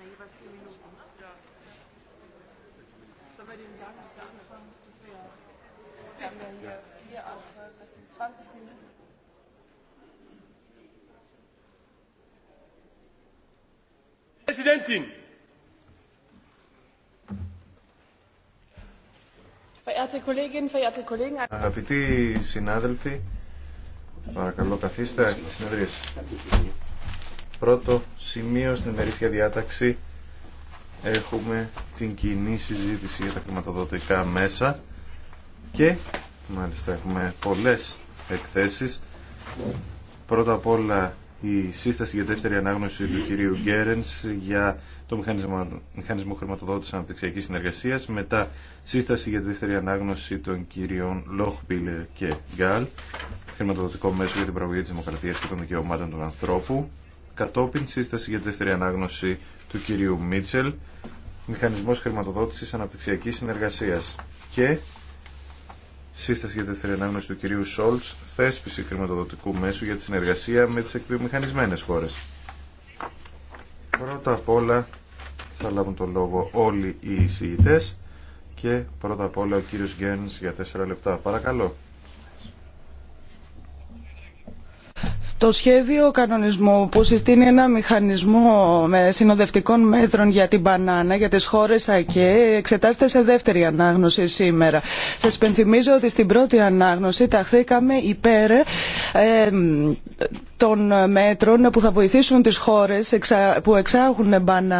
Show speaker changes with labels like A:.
A: ja jeweils vier Minuten. Ne? Ja. Sollen wir denen sagen, dass wir anfangen? Das wäre wir haben ja hier vier, acht, Minuten. Präsidentin! Verehrte Kolleginnen, verehrte Kollegen,
B: Αγαπητοί συνάδελφοι, παρακαλώ καθίστε, πρώτο σημείο στην ημερήσια διάταξη έχουμε την κοινή συζήτηση για τα χρηματοδοτικά μέσα και μάλιστα έχουμε πολλές εκθέσεις. Πρώτα απ' όλα η σύσταση για δεύτερη ανάγνωση του κυρίου Γκέρενς για το μηχανισμό, μηχανισμό χρηματοδότηση αναπτυξιακή συνεργασία. Μετά, σύσταση για δεύτερη ανάγνωση των κυρίων Λόχμπιλε και Γκάλ. Χρηματοδοτικό μέσο για την παραγωγή τη δημοκρατία και των δικαιωμάτων του ανθρώπου κατόπιν σύσταση για δεύτερη ανάγνωση του κυρίου Μίτσελ, μηχανισμός χρηματοδότησης αναπτυξιακής συνεργασίας και σύσταση για δεύτερη ανάγνωση του κυρίου Σόλτς, θέσπιση χρηματοδοτικού μέσου για τη συνεργασία με τις εκβιομηχανισμένες χώρες. Πρώτα απ' όλα θα λάβουν το λόγο όλοι οι εισηγητές και πρώτα απ' όλα ο κύριος Γκέρνς για 4 λεπτά. Παρακαλώ.
A: Το σχέδιο κανονισμού που συστήνει ένα μηχανισμό συνοδευτικών μέτρων για την μπανάνα για τις χώρες ΑΚΕ εξετάζεται σε δεύτερη ανάγνωση σήμερα. Σας πενθυμίζω ότι στην πρώτη ανάγνωση ταχθήκαμε υπέρ των μέτρων που θα βοηθήσουν τις χώρες που εξάγουν μπανάνα